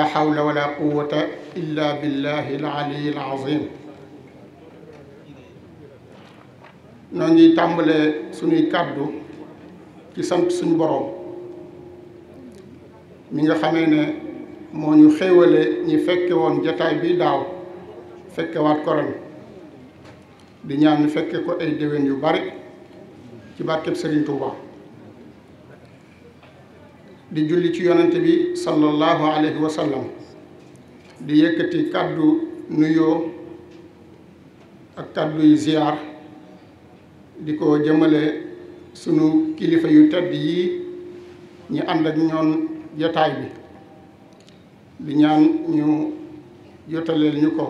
wala hawla wala quwwata illa billahi al aliyyil azim noo ngi tàmbalee suñuy kàddu ci sant suñu boroom mi nga xame ne moo ñu xéewale ñi fekke woon jataay bi daaw fekkewaat waat ko ren di fekke ko ay déwén yu bare ci barkeb Serigne Touba di julli ci yonent bi sallallahu alayhi wa sallam di yëkkati kàddu nuyoo ak kàddu yu ziyaar di ko jëmmale sunu kilifa yu tedd yi ñi ànd ak ñoom jotaay bi di ñaan ñu jotaleel ñu ko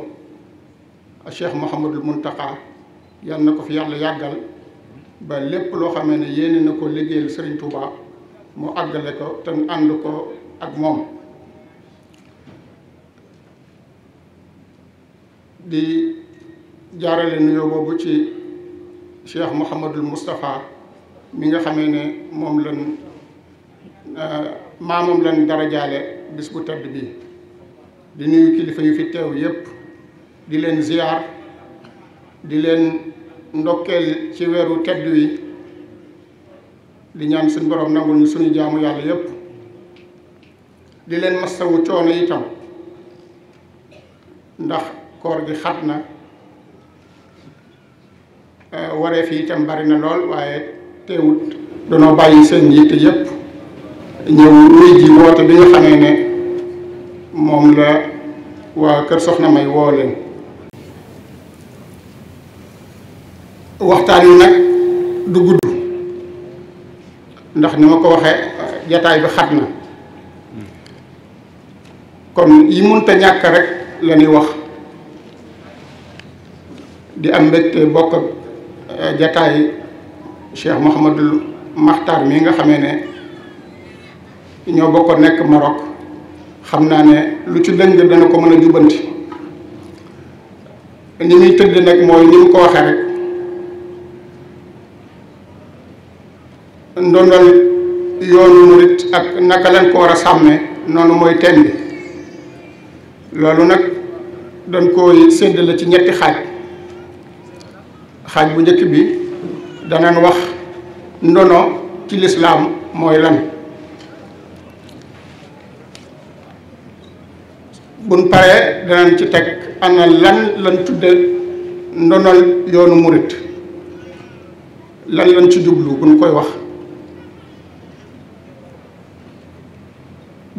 Cheikh Mouhamadul Mountakha yal na ko fi yàlla yàggal ba lépp loo xame ne yéene na ko liggéeyal Serigne Touba. mu àggale ko te mu ànd ko ak moom di jaarale nuyoo boobu ci Cheikh Mouhamadul Moustapha mi nga xamee ne moom lan euh, maamam lan dara jaale bis bu tedd bi di nuyu kilifa yu fi teew yépp di leen ziyaar di leen ndokkeel ci weeru tedd wi di ñaan suñ borom nangul ñu suñu jaamu yàlla yépp di leen masawu coono itam ndax koor gi xat na eh, waree fi itam bari na lool waaye teewut danoo bàyyi seen yitte yépp ñëw wuy ji woote bi nga xamee ne moom la waa kër soxna may woo leen waxtaan wi nag du gudd ndax ni ma ko waxee jataay bi xat na kon yi munta ñàkk rek la ñuy wax di am mbégte bokk eh, jataay Cheikh Mouhamadul Makhtar mi nga xamee ne ñoo bokk nekk Maroc xam naa ne lu ci lëng dana ko mën a jubanti ni muy tëdd nag mooy ni mu ko waxee rek ndondal yoonu murit ak naka lañ ko war a sàmmee noonu mooy teen loolu nag dañ koy séddale ci ñetti xaaj xaaj bu njëkk bi danañ wax ndono ci lislaam mooy lan buñ paree danañ ci teg ana lan lan tudde ndonol yoonu murit lan lan ci jublu buñ koy wax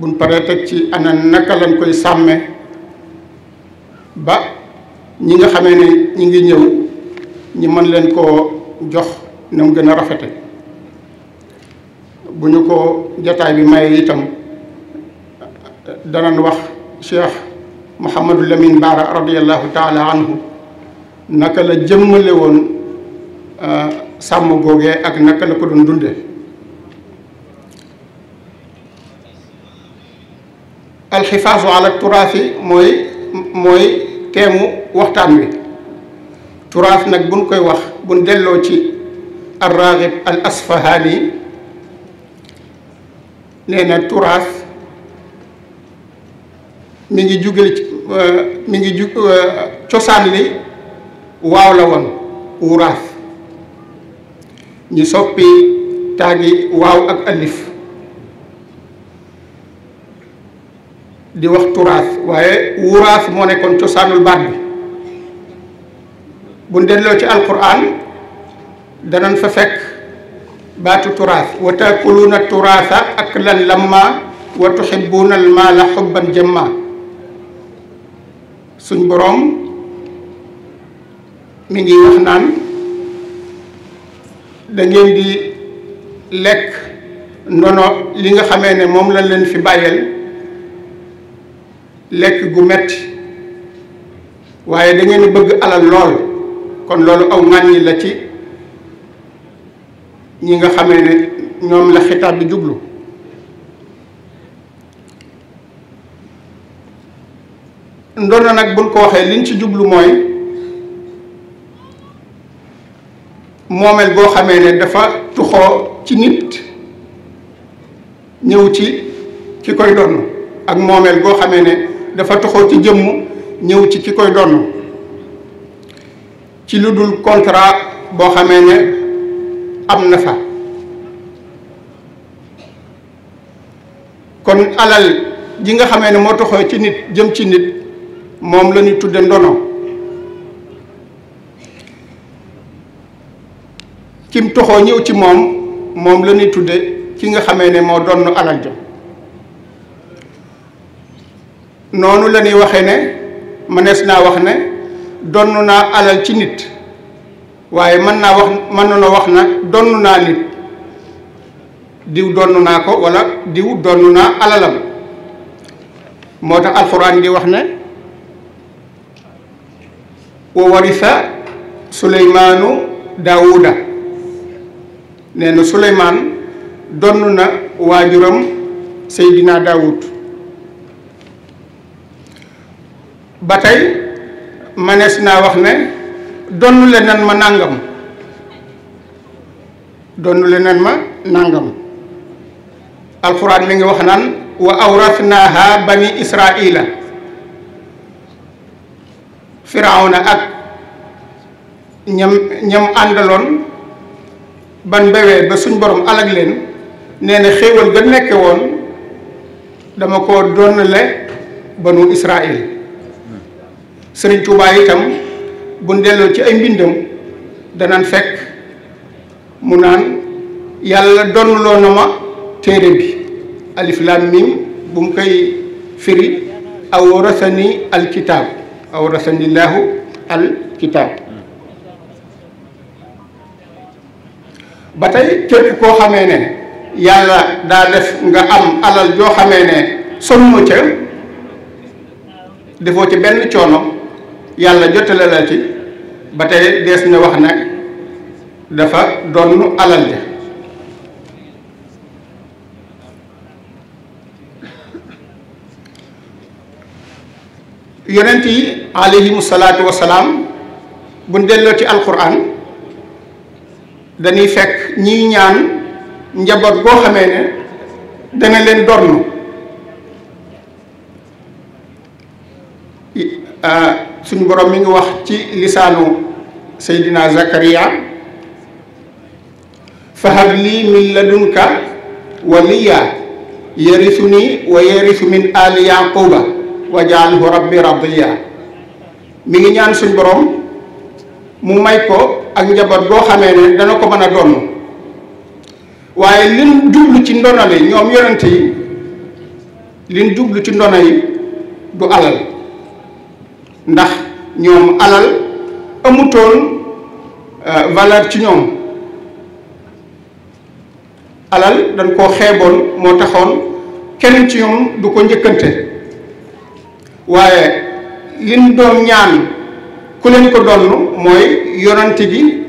buñ paree teg ci ana naka lañ koy sàmme ba ñi nga xamee ne ñi ngi ñëw ñi mën leen koo jox na gën a rafete bu ñu ko jataay bi maye itam danañ wax cheikh mouhamadou lamine baara radiallahu taala naka la jëmmale woon euh, sàmm googee ak naka la ko doon dunde alxifaasu ala turaafi mooy mooy teemu waxtaan wi turaaf nag buñ koy wax buñ delloo ci al raaxib al asfahaani nee na turaaf mi ngi jugale ci euh, mi ngi jug euh, cosaan li waaw la woon wuraaf ñu soppi taagi waaw ak alif di wax turaas waaye wuraas moo nekkoon cosaanul baat bi bu delloo ci alquran danañ fa fekk baatu turaas wa taakuluuna turaasa aklan lamma wa tuhibbuuna almaala xubban jamma suñ boroom mi ngi wax naan da di lekk ndono li nga xamee ne moom lañ leen fi bàyyeel lekk gu metti waaye da bëgg alal lool kon loolu aw ŋàññi la ci ñi nga xamee ne ñoom la xitaab bi jublu ndono nag buñ ko waxee liñ ci jublu mooy moomeel goo xamee ne dafa tuxoo ci nit ñëw ci ci koy donn ak moomeel goo xamee ne dafa toxoo ci jëmm ñëw ci ki koy donn ci lu dul contrat boo xamee ne am na fa kon alal ji nga xamee ne moo toxoo ci nit jëm ci nit moom la ñu tudde ndono kim toxoo ñëw ci moom moom la ñuy tudde ki nga xamee ne moo donn alal ja noonu la ñuy waxee ne mënees naa wax ne donn naa alal ci nit waaye mën naa wax mën na wax na donn naa nit diw donn naa ko wala diw donn naa alalam moo tax alxuraan di wax ne wa warisa suleymaanu daawuda nee suleymaan donn na waajuram seydina daawud ba tey manees naa wax ne donnu le ma nàngam donnu le ma nàngam alxuraan mi ngi wax naan wa awrasnaaha bani israila na ak ñam ñam àndaloon ban bewee ba suñ boroom alag leen nee na xéewal ga nekke woon dama ko donn le banu israil sëriñ Touba itam buñ delloo ci ay mbindam danaan fekk mu naan yàlla donnuloo na ma téere bi alif lam mim bu mu koy firi aw rasani alkitaab aw rasanillahu alkitaab ba tey képp koo xamee ne yàlla daa def nga am alal joo xamee ne sonnoo ca defoo ci benn coono yàlla jotale la ci ba tey dees na wax nag dafa donnu alal ja yonent yi alayhimu salaatu wasalaam buñ delloo ci alxuraan dañuy fekk ñiy ñaan njaboot boo xamee ne dana leen donn suñu boroom mi ngi wax ci lisaanu Seydina Zakaria fahab lii min ladunka waliya yarisu nii wa yarisu min ali yaquba wajaalhu rabbi radiya mi ngi ñaan suñu borom mu may ko ak njaboot boo xamee ne dana ko mën donn waaye liñ jublu ci ndono li ñoom yonent yi liñ jublu ci ndono yi du alal ndax ñoom alal amutoon euh, valeur ci ñoom alal dañ koo xeeboon moo taxoon kenn ci ñoom du ko njëkkante waaye liñ doon ñaan ku leen ko donn mooy yonante bi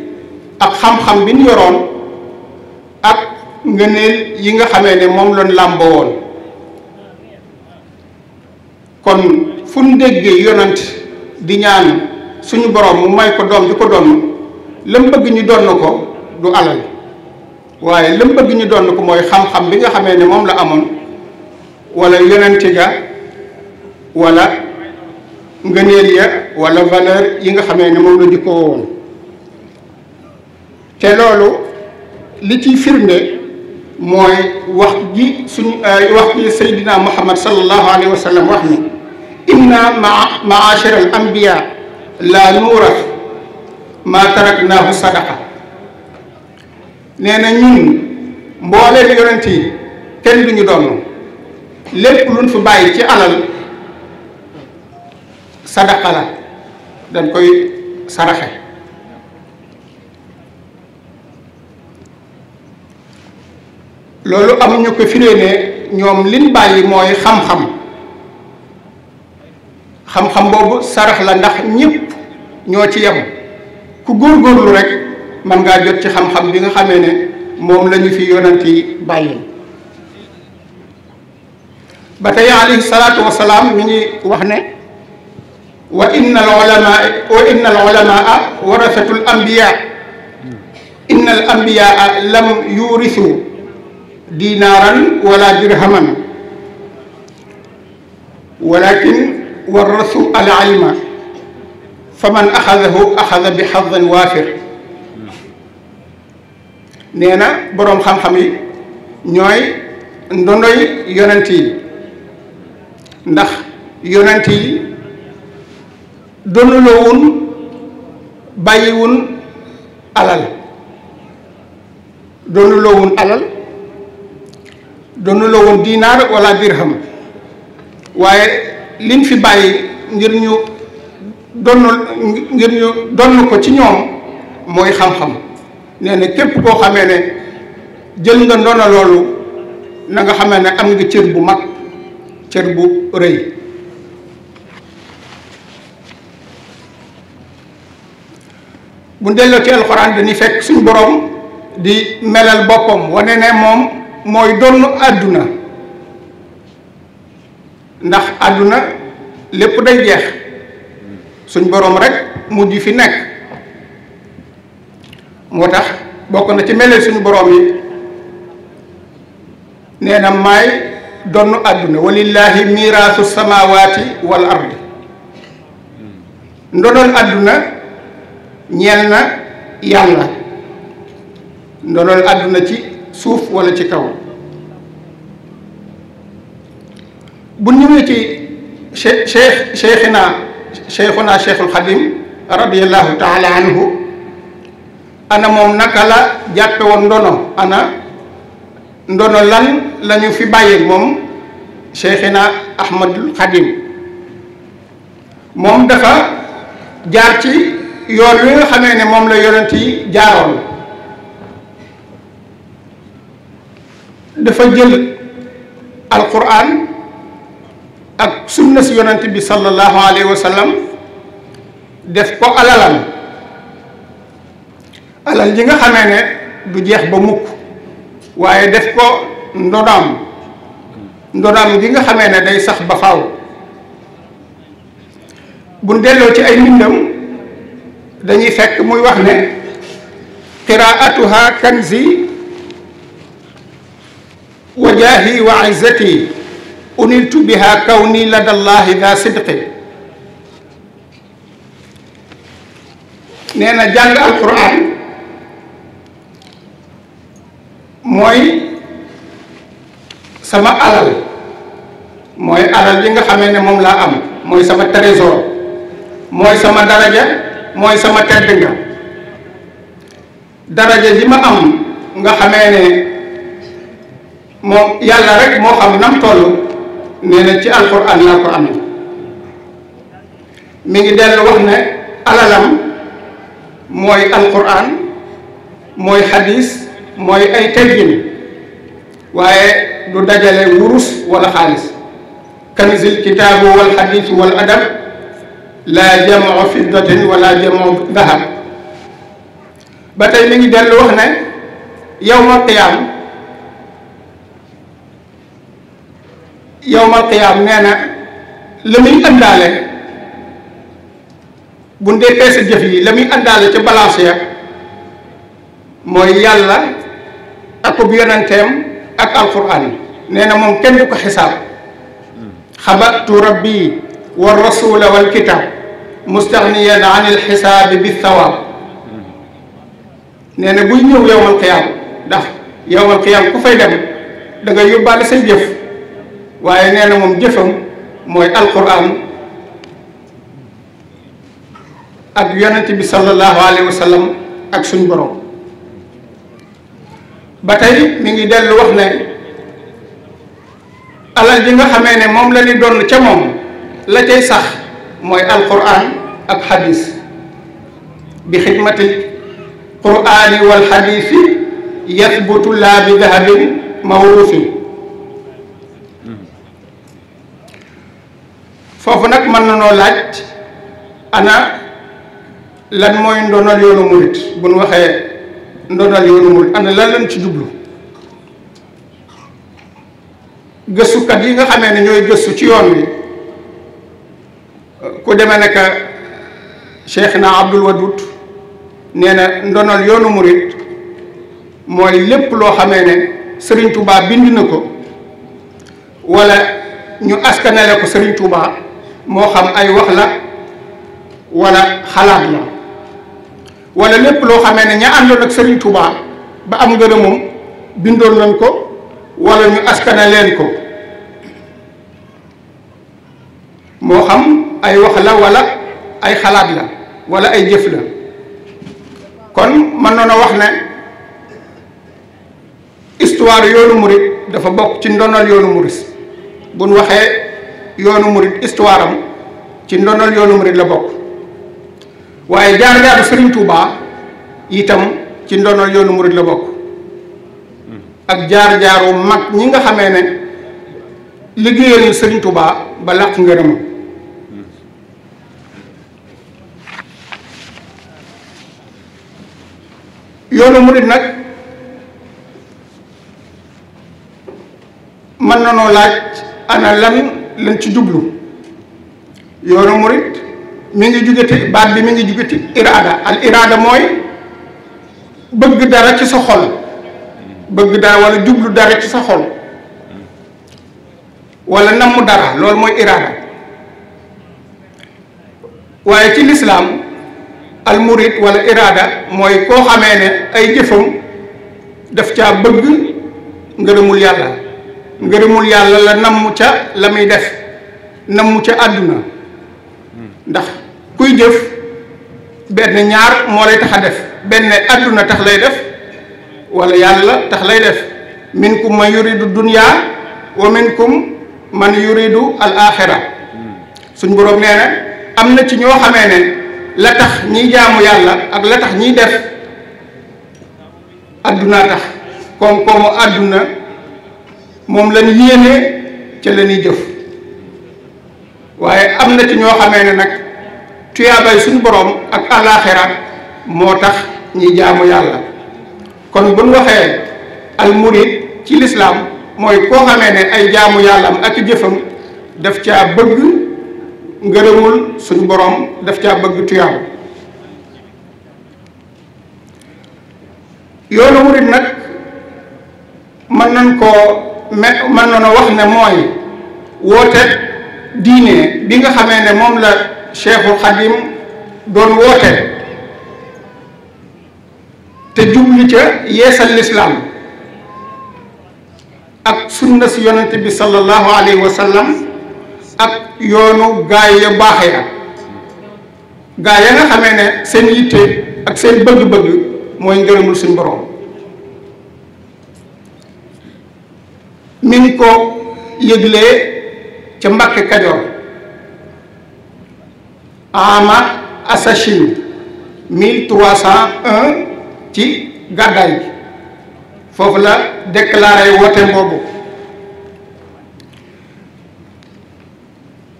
ak xam-xam bi yoroon ak ngëneel yi nga xamee ne moom lañ làmboo woon kon fu ñu déggee di ñaan suñu borom mu may ko doom di ko doon lam bëgg ñu doon ko du alal waaye lam bëgg ñu doon ko mooy xam-xam bi nga xamee ne moom la amoon walla yonente ga wala ngëneel ya wala valeur yi nga xamee ne moom la jikkoo woon te loolu li ciy firnde mooy wax ji suñu euh, wax ji Seydina Muhammad sallallahu alayhi wa sallam wax ni inna maachara al anbiya la nuuras ma taraknaahu sadaqa nee na ñun mbooleem yonent yi kenn duñu doon lépp luñ fi bàyyi ci alal sadaqa la dañ koy saraxe loolu amuñu ko firee ne ñoom liñ bàyyi mooy xam-xam xam-xam boobu sarax la ndax ñëpp ñoo ci yem ku góorgóorlu rek man ngaa jot ci xam-xam bi nga xamee ne moom la ñu fi yonent yi bàyyi ba tey alayhi salaatu wasalaam mi ngi wax ne wa inna al ulama wa inna al al ambiyaa lam yurisu dinaaran wala dirhaman walakin والرث العلم فمن أخذه أخذ بحظ وافر nee na boroom xam-xam yi ñooy ndondoy yonent yi ndax yonent yi donaloowun bàyyiwun alal donaloowun alal donaloowun dinaar wala dirham waaye liñ fi bàyyi ngir ñu donn ngir ñu donn ko ci ñoom mooy xam-xam nee képp koo xamee ne jël nga ndono loolu na xamee ne am nga cër bu mag cër bu rëy bu delloo ci alxuraan dañuy fekk suñ boroom di melal boppam wane ne moom mooy donn àdduna ndax àdduna lépp day jeex suñ boroom rek mujj fi nekk moo tax bokk na ci mele suñu boroom yi nee na maay donn àdduna walillaahi miraasu samaawaati wal ardi ndonol àdduna ñeel na yàlla ndonol àdduna ci suuf wala ci kaw bu ñëwee ci che cheikh cheikhina cheikhuna cheikhul xadim radiallahu taala anhu moom naka la jàppe woon ndono ana ndono lan la ñu fi bàyyi moom cheikhina ahmadul xadim moom dafa jaar ci yoon wi nga xamee ne moom la yonent yi jaaroon dafa jël alquran ak sunna si yonent bi sallallahu alayhi def ko alalam alal ji nga xamee ne du jeex ba mukk waaye def ko ndodaam ndodaam gi nga xamee ne day sax ba faaw bu delloo ci ay mbindam dañuy fekk muy wax ne qiraatuha kanzi wa jaahi wa uniltu biha kawni ladallahi da sidqin nee na jàng alquran mooy sama alal mooy alal yi nga xamee ne moom laa am mooy sama trésor mooy sama daraja mooy sama tedd nga daraja ji ma am nga xamee ne moom yàlla rek moo xam nam toll nee na ci alxuraan laa ko amee mi ngi dellu wax ne alalam mooy alxuraan mooy xadiis mooy ay teggin waaye du dajale wurus wala xaalis kanzil kitaabu wal xadiis wal adab laa jamoo fiddatin wala jamoo dahab ba tey mi ngi dellu wax ne yawma qiyaam yowmal qiyaam nee na la muy àndaale bu dee peese jëf la muy ca balance mooy yàlla ak bu yonenteem ak alquran nee na moom kenn du ko xisaab xabatu rabbi wa rasula wal kitab mustaxniyan an il xisaabi bi thawaab nee na buy ñëw yowmal qiyaam ndax yowmal waaye nee na moom jëfam mooy alquran ak yonent bi sallallahu alayhi wa ak suñ borom ba tey mi ngi dellu wax ne alal ji nga xamee ne moom la ñu doon ca moom la cay sax mooy alquran ak xadis bi xidmati qurani wal xadisi yasbutu laa bi dahabin mawruusin foofu nag mën na noo laaj ana lan mooy ndonal yoonu murit bu nu waxee ndonal yoonu murit ana lan lañ ci duglu gëstukat yi nga xamee ne ñooy gëstu ci yoon wi ku demee ne ka na Abdul Wadud nee na ndonal yoonu murit mooy lépp loo xamee ne Sëriñ Tuubaa bind na ko wala ñu askanale ko Serigne Touba moo xam ay wax la wala xalaat la wala lépp loo xamee ne ña àndoon ak Serigne Touba ba am ngërëm moom bindoon nañ ko wala ñu askana leen ko moo xam ay wax la wala ay xalaat la wala ay jëf la kon mën noon a wax ne histoire yoonu murit dafa bokk ci ndonal yoonu murit bu nu waxee yoonu murit histoire ci ndonal yoonu murit la bokk waaye jaar-jaaru Serigne Touba itam ci ndonal yoonu murit la bokk ak jaar-jaaru mag ñi nga xamee ne liggéeyal Serigne Touba ba làq ngërëmam yoonu murit nag mën na noo laaj. ana lan lañ ci jublu yoonu murit mi ngi jugati baat bi mi ngi jugati iraada al iraada mooy bëgg dara ci sa xol bëgg dara wala jublu dara ci sa xol wala namm dara loolu mooy iraada waaye ci lislaam al murit wala iraada mooy koo xamee ne ay jëfam daf caa bëgg ngërëmul yàlla ngërëmul yàlla la namm ca la muy def namm ca àdduna ndax kuy jëf benn ñaar moo lay tax def benn àdduna tax lay def wala yàlla tax lay def minkum man yuridu dunya wa minkum man yuridu al axira suñ boroom nee am na ci ñoo xamee ne la tax ñiy jaamu yàlla ak la tax ñiy def àdduna tax koom-koomu àdduna moom lañ yéenee ca lañuy ñuy jëf waaye am na ci ñoo xamee ne nag tuyaabay suñu boroom ak àllaaxira moo tax ñi jaamu yàlla kon buñ waxee almurid ci lislaam mooy koo xamee ne ay jaamu yàllaam ak jëfam def caa bëgg ngërëmul suñu boroom def caa bëgg tuyaab yoonu murid nag mën nañ koo me man noonu wax ne mooy woote diine bi nga xamee ne moom la Cheikhul Khadim doon woote te jubli ca yeesal lislaam ak sunna si yonente bi sallallahu alayhi wa sallam ak yoonu gaay ya baax ya gaay ya nga xamee ne seen yitte ak seen bëgg-bëgg mooy ngërëmul si borom mi ngi ko yëglee ca Mbàkke Kajoor ama assashin 1301 ci gàddaay bi foofu la déclaré woote boobu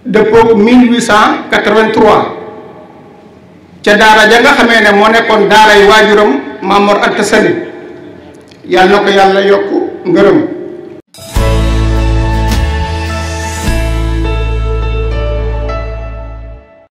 dëppoo 1883 ca daara ja nga xamee ne moo nekkoon daaray waajuram Maam Mor Anta Sali yàlla na ko yàlla yokk ngërëm